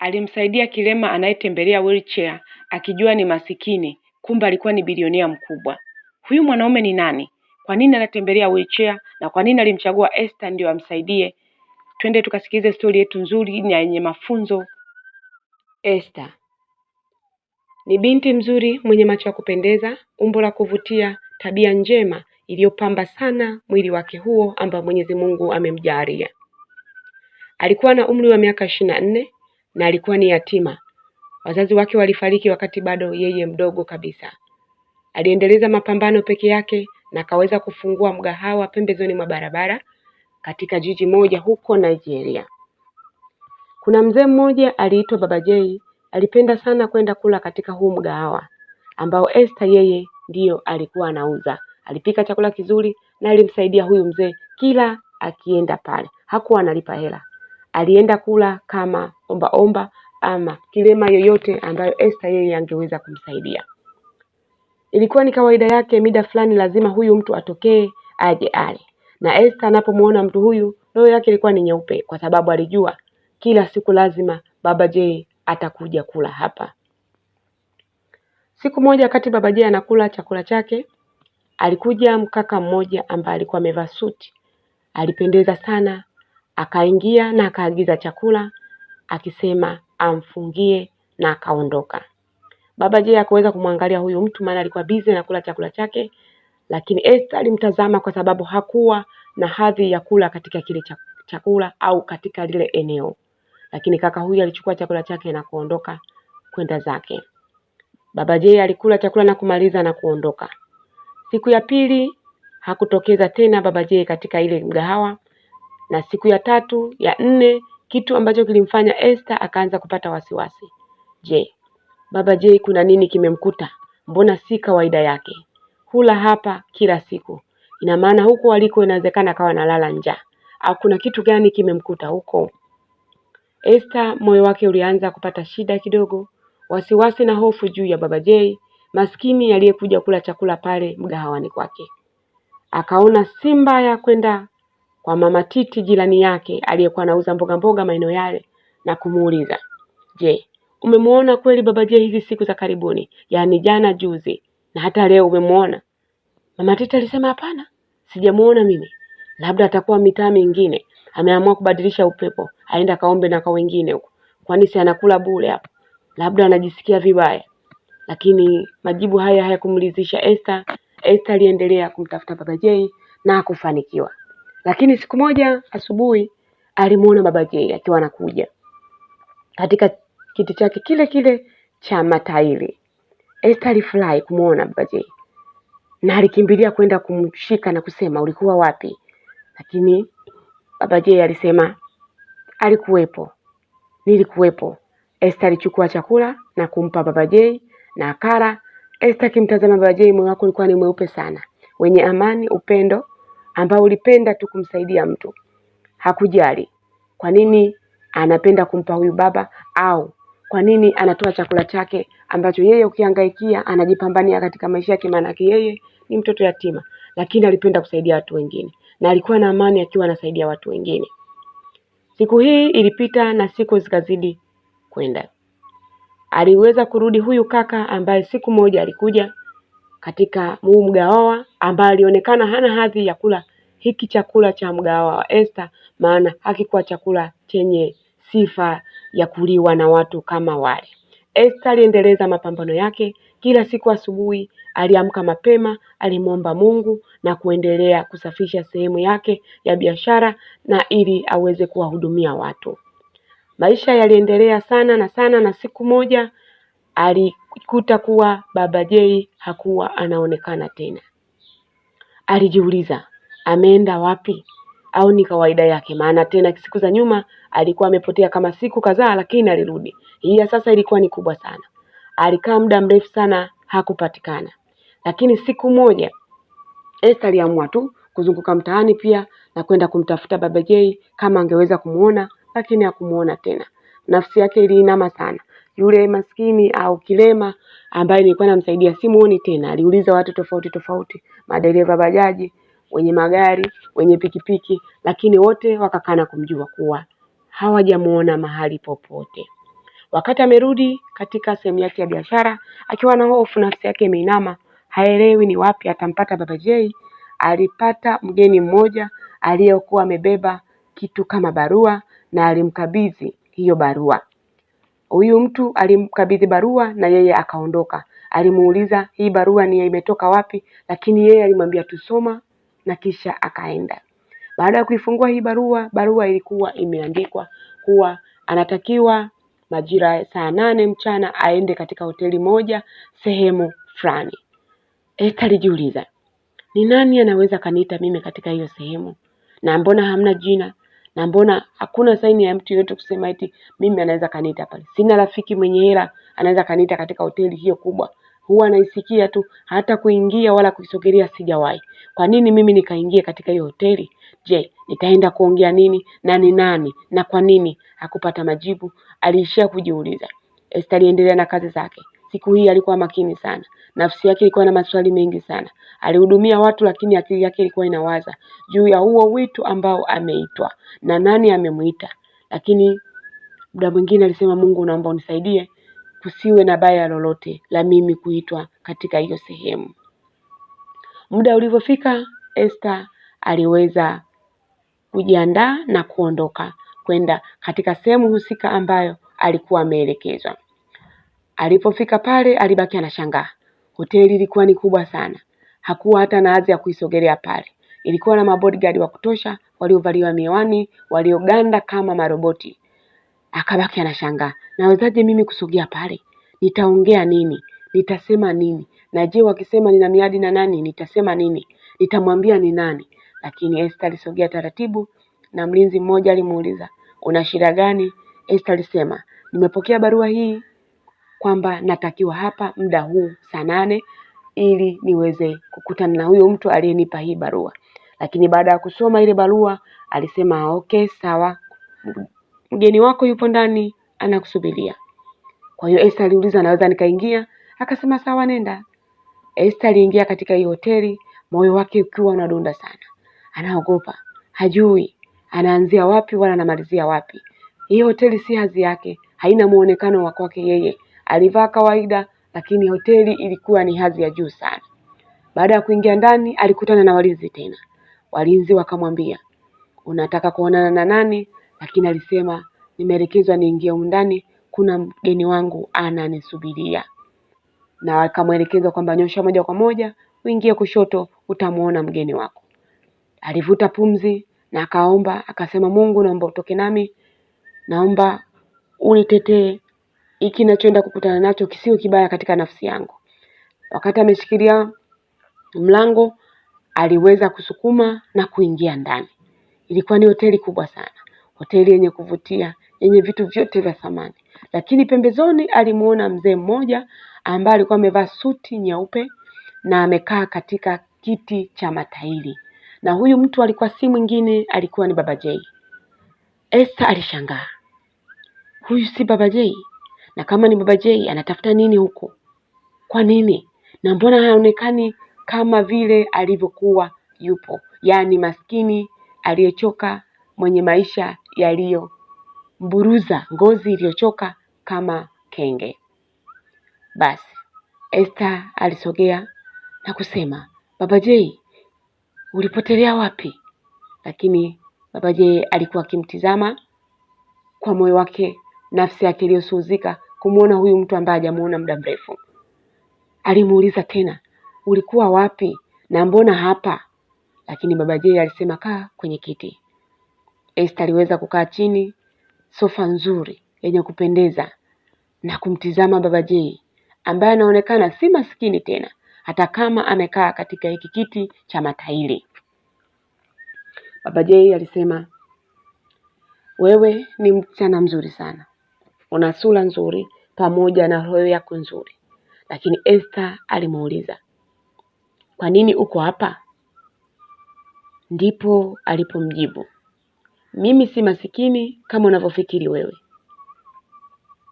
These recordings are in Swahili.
Alimsaidia kilema anayetembelea wheelchair akijua ni masikini, kumbe alikuwa ni bilionea mkubwa. Huyu mwanaume ni nani? Kwa nini anatembelea wheelchair na kwa nini alimchagua Esther ndio amsaidie? Twende tukasikilize stori yetu nzuri na yenye mafunzo. Esther ni binti mzuri mwenye macho ya kupendeza, umbo la kuvutia, tabia njema iliyopamba sana mwili wake huo ambao Mwenyezi Mungu amemjalia. Alikuwa na umri wa miaka ishirini na nne na alikuwa ni yatima. Wazazi wake walifariki wakati bado yeye mdogo kabisa. Aliendeleza mapambano peke yake na akaweza kufungua mgahawa pembezoni mwa barabara katika jiji moja huko Nigeria. Kuna mzee mmoja aliitwa Baba Jay, alipenda sana kwenda kula katika huu mgahawa ambao Esther yeye ndiyo alikuwa anauza. Alipika chakula kizuri na alimsaidia huyu mzee kila akienda pale, hakuwa analipa hela alienda kula kama omba omba ama kilema yoyote ambayo Esther yeye angeweza kumsaidia. Ilikuwa ni kawaida yake, mida fulani lazima huyu mtu atokee aje ale, na Esta anapomwona mtu huyu roho yake ilikuwa ni nyeupe, kwa sababu alijua kila siku lazima Baba J atakuja kula hapa. Siku moja wakati Baba J anakula chakula chake, alikuja mkaka mmoja ambaye alikuwa amevaa suti, alipendeza sana Akaingia na akaagiza chakula akisema amfungie na akaondoka. Baba je hakuweza kumwangalia huyu mtu, maana alikuwa busy na kula chakula chake, lakini Esther alimtazama kwa sababu hakuwa na hadhi ya kula katika kile chakula au katika lile eneo. Lakini kaka huyu alichukua chakula chake na kuondoka kwenda zake. Baba je alikula chakula na kumaliza na kuondoka. Siku ya pili hakutokeza tena Baba je katika ile mgahawa, na siku ya tatu ya nne, kitu ambacho kilimfanya Esther akaanza kupata wasiwasi. Je, baba J kuna nini kimemkuta? Mbona si kawaida yake, hula hapa kila siku. Ina maana huko aliko inawezekana akawa nalala njaa, au kuna kitu gani kimemkuta huko? Esther moyo wake ulianza kupata shida kidogo, wasiwasi na hofu juu ya baba Jay, maskini aliyekuja kula chakula pale mgahawani kwake. Akaona si mbaya kwenda kwa mama Titi jirani yake aliyekuwa anauza mboga mboga maeneo yale na kumuuliza, je, umemuona kweli baba je hizi siku za karibuni, yaani jana juzi na hata leo umemuona? Mama Titi alisema hapana, sijamuona mimi, labda atakuwa mitaa mingine, ameamua kubadilisha upepo, aenda kaombe na kwa wengine huko, kwani si anakula bure hapo, labda anajisikia vibaya. Lakini majibu haya hayakumridhisha Esther. Esther aliendelea kumtafuta baba Jay na kufanikiwa. Lakini siku moja asubuhi alimuona yake akiwa anakuja katika kiti chake kile kile cha matairi. Esther alifurahi kumwona yake na alikimbilia kwenda kumshika na kusema ulikuwa wapi? Lakini yake alisema alikuwepo, nilikuwepo. Esther alichukua chakula na kumpa yake na akala. Esther akimtazama baba moyo wake ulikuwa ni mweupe sana, wenye amani, upendo ambao ulipenda tu kumsaidia mtu, hakujali kwa nini anapenda kumpa huyu baba au kwa nini anatoa chakula chake ambacho yeye ukihangaikia anajipambania katika maisha yake, maanake yeye ni mtoto yatima, lakini alipenda kusaidia watu wengine na alikuwa na amani akiwa anasaidia watu wengine. Siku hii ilipita na siku zikazidi kwenda, aliweza kurudi huyu kaka ambaye siku moja alikuja katika huu mgahawa ambaye alionekana hana hadhi ya kula hiki chakula cha mgahawa wa Esta maana hakikuwa chakula chenye sifa ya kuliwa na watu kama wale. Esta aliendeleza mapambano yake kila siku asubuhi aliamka mapema, alimwomba Mungu na kuendelea kusafisha sehemu yake ya biashara na ili aweze kuwahudumia watu. Maisha yaliendelea sana na sana, na siku moja alikuta kuwa baba Jay hakuwa anaonekana tena. Alijiuliza, ameenda wapi au ni kawaida yake? Maana tena siku za nyuma alikuwa amepotea kama siku kadhaa, lakini alirudi. Hii ya sasa ilikuwa ni kubwa sana, alikaa muda mrefu sana hakupatikana. Lakini siku moja Esther aliamua tu kuzunguka mtaani pia na kwenda kumtafuta Baba Jay kama angeweza kumuona, lakini hakumuona tena. Nafsi yake iliinama sana. Yule maskini au kilema ambaye nilikuwa namsaidia simuoni tena, aliuliza watu tofauti tofauti, madereva bajaji, wenye magari, wenye pikipiki, lakini wote wakakana kumjua kuwa hawajamuona mahali popote. Wakati amerudi katika sehemu yake ya biashara akiwa na hofu, nafsi yake imeinama, haelewi ni wapi atampata Baba Jay. alipata mgeni mmoja aliyekuwa amebeba kitu kama barua na alimkabidhi hiyo barua. Huyu mtu alimkabidhi barua na yeye akaondoka. Alimuuliza hii barua ni imetoka wapi, lakini yeye alimwambia tusoma na kisha akaenda. Baada ya kuifungua hii barua, barua ilikuwa imeandikwa kuwa anatakiwa majira ya saa nane mchana aende katika hoteli moja sehemu fulani. Esta alijiuliza, ni nani anaweza kaniita mimi katika hiyo sehemu? Na mbona hamna jina? Na mbona hakuna saini ya mtu yoyote kusema eti mimi anaweza kaniita pale? Sina rafiki mwenye hela anaweza kaniita katika hoteli hiyo kubwa huwa naisikia tu, hata kuingia wala kuisogelea sijawahi. Kwa nini mimi nikaingia katika hiyo hoteli? Je, nitaenda kuongea nini na ni nani na kwa nini? Hakupata majibu, aliishia kujiuliza. Esta aliendelea na kazi zake. Siku hii alikuwa makini sana, nafsi yake ilikuwa na maswali mengi sana. Alihudumia watu, lakini akili yake ilikuwa inawaza juu ya huo wito ambao ameitwa na nani amemwita. Lakini muda mwingine alisema, Mungu, naomba unisaidie kusiwe na baya lolote la mimi kuitwa katika hiyo sehemu. Muda ulivyofika, Esther aliweza kujiandaa na kuondoka kwenda katika sehemu husika ambayo alikuwa ameelekezwa. Alipofika pale, alibaki anashangaa. Hoteli ilikuwa ni kubwa sana, hakuwa hata na hadhi ya kuisogelea pale. Ilikuwa na mabodyguard wa kutosha waliovaliwa miwani, walioganda kama maroboti. Akabaki anashangaa, nawezaje mimi kusogea pale? Nitaongea nini? Nitasema nini? Na je, wakisema nina miadi na nani, nitasema nini? Nitamwambia ni nani? Lakini Esther alisogea taratibu, na mlinzi mmoja alimuuliza, una shida gani? Esther alisema, nimepokea barua hii kwamba natakiwa hapa muda huu saa nane ili niweze kukutana na huyo mtu aliyenipa hii barua. Lakini baada ya kusoma ile barua alisema okay, sawa, mgeni wako yupo ndani, anakusubiria. Kwa hiyo Esther aliuliza naweza nikaingia? Akasema sawa, nenda. Esther aliingia katika hiyo hoteli, moyo wake ukiwa unadunda sana. Anaogopa, hajui anaanzia wapi wala anamalizia wapi. Hii hoteli si hazi yake, haina muonekano wa kwake yeye. Alivaa kawaida, lakini hoteli ilikuwa ni hazi ya juu sana. Baada ya kuingia ndani, alikutana na walinzi tena. Walinzi wakamwambia unataka kuonana na nani? Lakini alisema nimeelekezwa niingie undani kuna mgeni wangu ananisubiria. Na akamwelekeza kwamba nyosha moja kwa moja uingie kushoto, utamuona mgeni wako. Alivuta pumzi na akaomba, akasema, Mungu naomba utoke nami, naomba unitetee hiki nachoenda kukutana nacho kisiwe kibaya katika nafsi yangu. Wakati ameshikilia mlango, aliweza kusukuma na kuingia ndani. Ilikuwa ni hoteli kubwa sana, hoteli yenye kuvutia, yenye vitu vyote vya thamani, lakini pembezoni alimuona mzee mmoja ambaye alikuwa amevaa suti nyeupe na amekaa katika kiti cha matairi, na huyu mtu alikuwa si mwingine, alikuwa ni Baba Jay. Esther alishangaa, huyu si Baba Jay? Na kama ni Baba Jay, anatafuta nini huko? Kwa nini? Na mbona haonekani kama vile alivyokuwa yupo, yaani maskini aliyechoka, mwenye maisha yaliyo mburuza ngozi iliyochoka kama kenge. Basi Esta alisogea na kusema, Baba J, ulipotelea wapi? Lakini Baba J alikuwa akimtizama kwa moyo wake, nafsi yake iliyosuhuzika kumwona huyu mtu ambaye hajamuona muda mrefu. Alimuuliza tena, ulikuwa wapi na mbona hapa? Lakini Baba J alisema kaa kwenye kiti. Esther aliweza kukaa chini sofa nzuri yenye kupendeza na kumtizama baba J ambaye anaonekana si maskini tena hata kama amekaa katika hiki kiti cha matairi. Baba J alisema, wewe ni msichana mzuri sana, una sura nzuri pamoja na roho yako nzuri. Lakini Esther alimuuliza, kwa nini uko hapa? Ndipo alipomjibu mimi si masikini kama unavyofikiri wewe.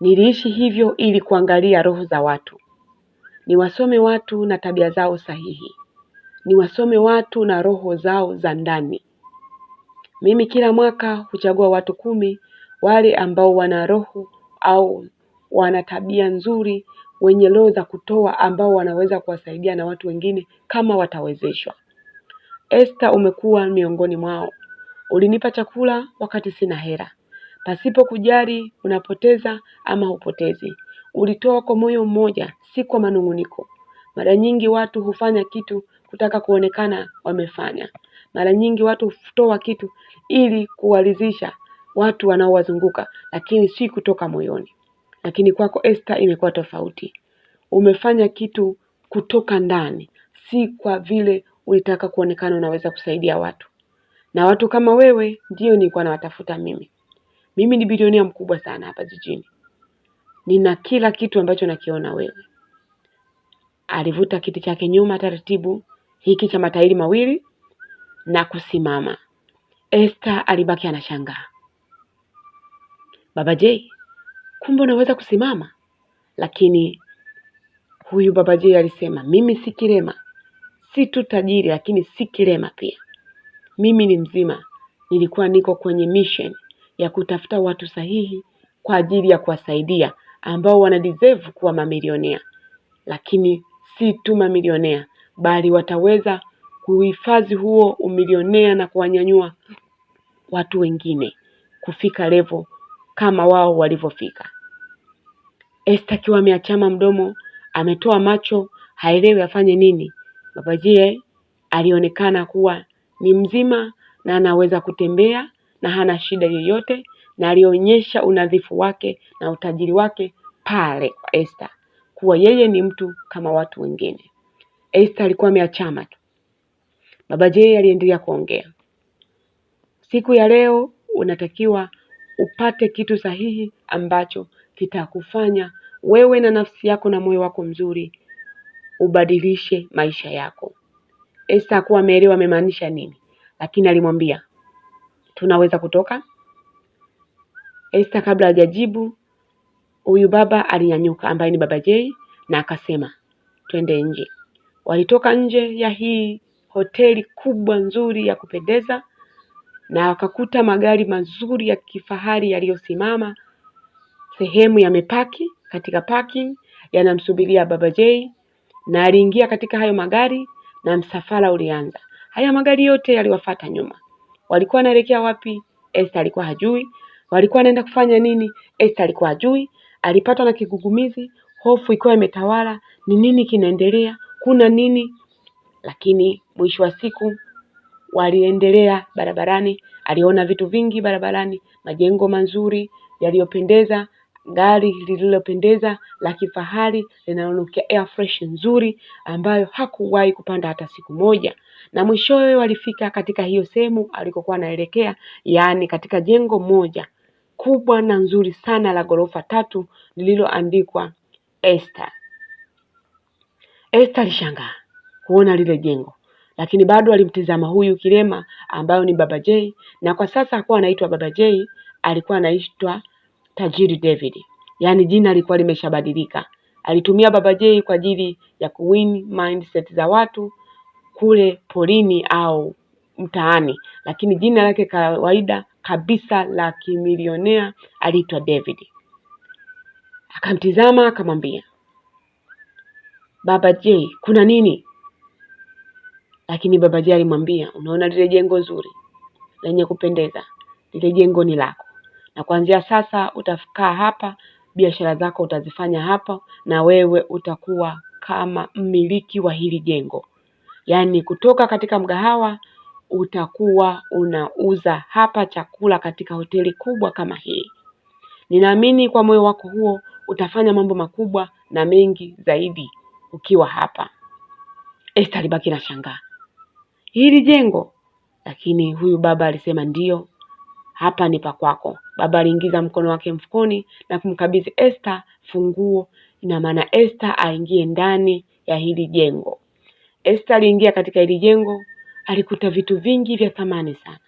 Niliishi hivyo ili kuangalia roho za watu, niwasome watu na tabia zao sahihi, niwasome watu na roho zao za ndani. Mimi kila mwaka huchagua watu kumi, wale ambao wana roho au wana tabia nzuri, wenye roho za kutoa, ambao wanaweza kuwasaidia na watu wengine kama watawezeshwa. Esther, umekuwa miongoni mwao. Ulinipa chakula wakati sina hela, pasipo kujali unapoteza ama hupotezi. Ulitoa kwa moyo mmoja, si kwa manung'uniko. Mara nyingi watu hufanya kitu kutaka kuonekana wamefanya. Mara nyingi watu hutoa kitu ili kuwaridhisha watu wanaowazunguka, lakini si kutoka moyoni. Lakini kwako Esther imekuwa tofauti. Umefanya kitu kutoka ndani, si kwa vile ulitaka kuonekana unaweza kusaidia watu na watu kama wewe ndio nilikuwa nawatafuta mimi. Mimi ni bilionea mkubwa sana hapa jijini, nina kila kitu ambacho nakiona wewe. Alivuta kiti chake nyuma taratibu, hiki cha matairi mawili na kusimama. Esther alibaki anashangaa. Baba Jay, kumbe unaweza kusimama? Lakini huyu Baba Jay alisema mimi si kilema, si tu tajiri, lakini si kilema pia. Mimi ni mzima, nilikuwa niko kwenye mission ya kutafuta watu sahihi kwa ajili ya kuwasaidia ambao wana deserve kuwa mamilionea, lakini si tu mamilionea, bali wataweza kuhifadhi huo umilionea na kuwanyanyua watu wengine kufika level kama wao walivyofika. Esta akiwa ameachama mdomo, ametoa macho, haelewi afanye nini. Babajiye alionekana kuwa ni mzima na anaweza kutembea na hana shida yoyote na alionyesha unadhifu wake na utajiri wake pale kwa kuwa yeye ni mtu kama watu wengine. Esta alikuwa ameachama tu. Baba J aliendelea kuongea. Siku ya leo unatakiwa upate kitu sahihi ambacho kitakufanya wewe na nafsi yako na moyo wako mzuri ubadilishe maisha yako. Esther hakuwa ameelewa amemaanisha nini, lakini alimwambia tunaweza kutoka. Esther kabla hajajibu, huyu baba alinyanyuka, ambaye ni baba Jay, na akasema twende nje. Walitoka nje ya hii hoteli kubwa nzuri ya kupendeza, na wakakuta magari mazuri ya kifahari yaliyosimama sehemu yamepaki katika parking yanamsubiria baba Jay, na aliingia katika hayo magari na msafara ulianza. Haya magari yote yaliwafata nyuma. Walikuwa wanaelekea wapi? Esther alikuwa hajui. Walikuwa wanaenda kufanya nini? Esther alikuwa hajui. Alipatwa na kigugumizi, hofu ikiwa imetawala. Ni nini kinaendelea? Kuna nini? Lakini mwisho wa siku waliendelea barabarani. Aliona vitu vingi barabarani, majengo mazuri yaliyopendeza. Gari lililopendeza la kifahari linalonukia air fresh nzuri ambayo hakuwahi kupanda hata siku moja, na mwishowe walifika katika hiyo sehemu alikokuwa anaelekea, yaani katika jengo moja kubwa na nzuri sana la ghorofa tatu lililoandikwa Esther. Esther alishangaa kuona lile jengo lakini bado alimtizama huyu kilema ambayo ni Baba J, na kwa sasa hakuwa anaitwa Baba J, alikuwa anaitwa tajiri David, yaani jina lilikuwa limeshabadilika. Alitumia Baba J kwa ajili ya kuwin mindset za watu kule polini au mtaani, lakini jina lake kawaida kabisa la kimilionea aliitwa David. Akamtizama akamwambia, Baba J, kuna nini? Lakini Baba J alimwambia, unaona lile jengo zuri lenye kupendeza, lile jengo ni lako na kuanzia sasa utakaa hapa, biashara zako utazifanya hapa, na wewe utakuwa kama mmiliki wa hili jengo. Yaani kutoka katika mgahawa utakuwa unauza hapa chakula katika hoteli kubwa kama hii. Ninaamini kwa moyo wako huo utafanya mambo makubwa na mengi zaidi ukiwa hapa. Esta alibaki na shangaa hili jengo, lakini huyu baba alisema ndiyo, hapa ni pa kwako. Baba aliingiza mkono wake mfukoni na kumkabidhi Esther funguo. Ina maana Esther aingie ndani ya hili jengo. Esther aliingia katika hili jengo, alikuta vitu vingi vya thamani sana.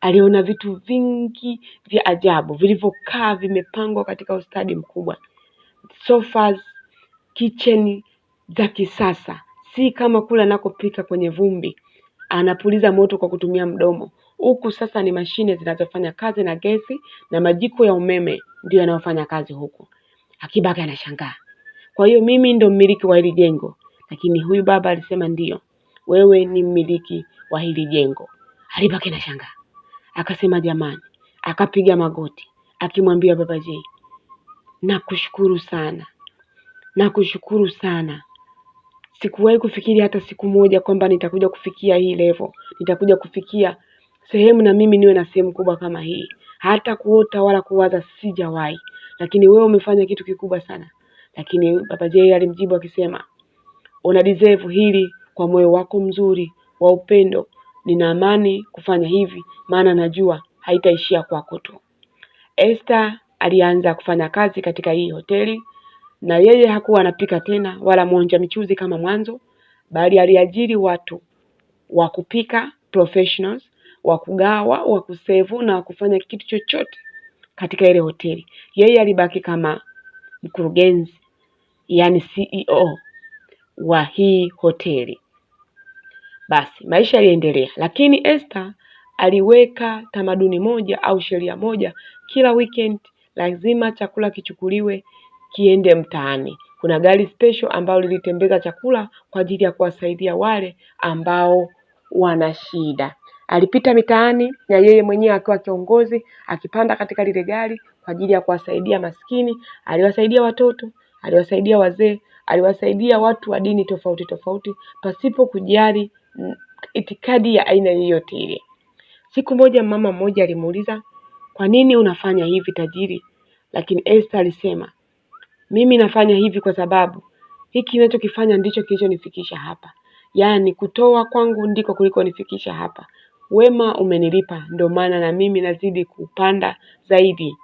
Aliona vitu vingi vya ajabu vilivyokaa vimepangwa katika ustadi mkubwa, sofas, kitchen za kisasa, si kama kule anakopika kwenye vumbi, anapuliza moto kwa kutumia mdomo. Huku sasa ni mashine zinazofanya kazi na gesi na majiko ya umeme ndio yanayofanya kazi huku. Akibaka anashangaa, kwa hiyo mimi ndo mmiliki wa hili jengo? Lakini huyu baba alisema ndiyo, wewe ni mmiliki wa hili jengo. Alibaki anashangaa, akasema jamani, akapiga magoti akimwambia Baba J, nakushukuru sana, nakushukuru sana sikuwahi kufikiri hata siku moja kwamba nitakuja kufikia hii level, nitakuja kufikia sehemu na mimi niwe na sehemu kubwa kama hii, hata kuota wala kuwaza sijawahi, lakini wewe umefanya kitu kikubwa sana. Lakini Baba Jay alimjibu akisema, una deserve hili kwa moyo wako mzuri wa upendo. Nina amani kufanya hivi, maana najua haitaishia kwako tu. Esther alianza kufanya kazi katika hii hoteli, na yeye hakuwa anapika tena wala mwonja michuzi kama mwanzo, bali aliajiri watu wa kupika professionals wa kugawa, wa kusevu na kufanya kitu chochote katika ile hoteli. Yeye alibaki kama mkurugenzi, yani CEO wa hii hoteli. Basi maisha yaliendelea, lakini Esther aliweka tamaduni moja au sheria moja, kila weekend lazima chakula kichukuliwe kiende mtaani. Kuna gari special ambalo lilitembeza chakula kwa ajili ya kuwasaidia wale ambao wana shida. Alipita mitaani na yeye mwenyewe akiwa kiongozi, akipanda katika lile gari kwa ajili ya kuwasaidia maskini. Aliwasaidia watoto, aliwasaidia wazee, aliwasaidia watu wa dini tofauti tofauti, pasipo kujali itikadi ya aina yoyote ile. Siku moja mama mmoja alimuuliza, kwa nini unafanya hivi tajiri? Lakini Esther alisema, mimi nafanya hivi kwa sababu hiki ninachokifanya ndicho kilichonifikisha hapa, yaani kutoa kwangu ndiko kulikonifikisha hapa wema umenilipa, ndio maana na mimi nazidi kupanda zaidi,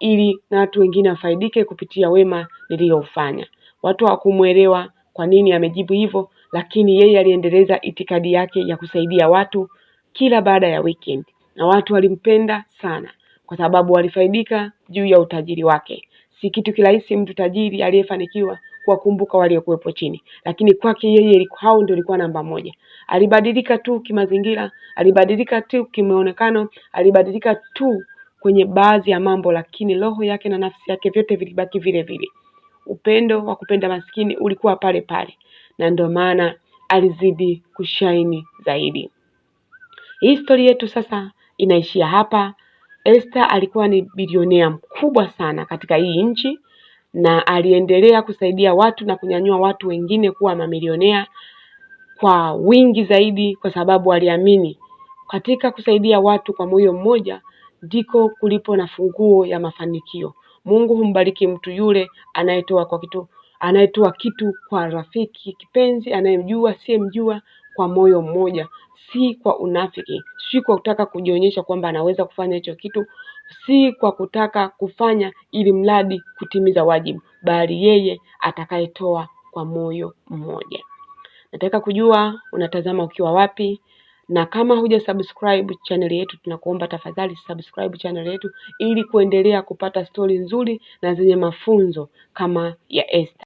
ili na watu wengine wafaidike kupitia wema niliyoufanya. Watu hawakumwelewa kwa nini amejibu hivyo, lakini yeye aliendeleza itikadi yake ya kusaidia watu kila baada ya weekend, na watu walimpenda sana kwa sababu walifaidika juu ya utajiri wake. Si kitu kirahisi mtu tajiri aliyefanikiwa kuwakumbuka waliokuwepo chini, lakini kwake yeye hao ndio ilikuwa namba moja. Alibadilika tu kimazingira, alibadilika tu kimeonekano, alibadilika tu kwenye baadhi ya mambo, lakini roho yake na nafsi yake vyote vilibaki vile vile. Upendo wa kupenda maskini ulikuwa pale pale, na ndio maana alizidi kushaini zaidi. Hii stori yetu sasa inaishia hapa. Esther alikuwa ni bilionea mkubwa sana katika hii nchi na aliendelea kusaidia watu na kunyanyua watu wengine kuwa mamilionea kwa wingi zaidi, kwa sababu aliamini katika kusaidia watu kwa moyo mmoja ndiko kulipo na funguo ya mafanikio. Mungu humbariki mtu yule anayetoa kwa kitu anayetoa kitu kwa rafiki kipenzi, anayemjua siyemjua, kwa moyo mmoja, si kwa unafiki, si kwa kutaka kujionyesha kwamba anaweza kufanya hicho kitu si kwa kutaka kufanya ili mradi kutimiza wajibu, bali yeye atakayetoa kwa moyo mmoja. Nataka kujua unatazama ukiwa wapi, na kama huja subscribe channel yetu, tunakuomba tafadhali subscribe channel yetu ili kuendelea kupata stori nzuri na zenye mafunzo kama ya Esther.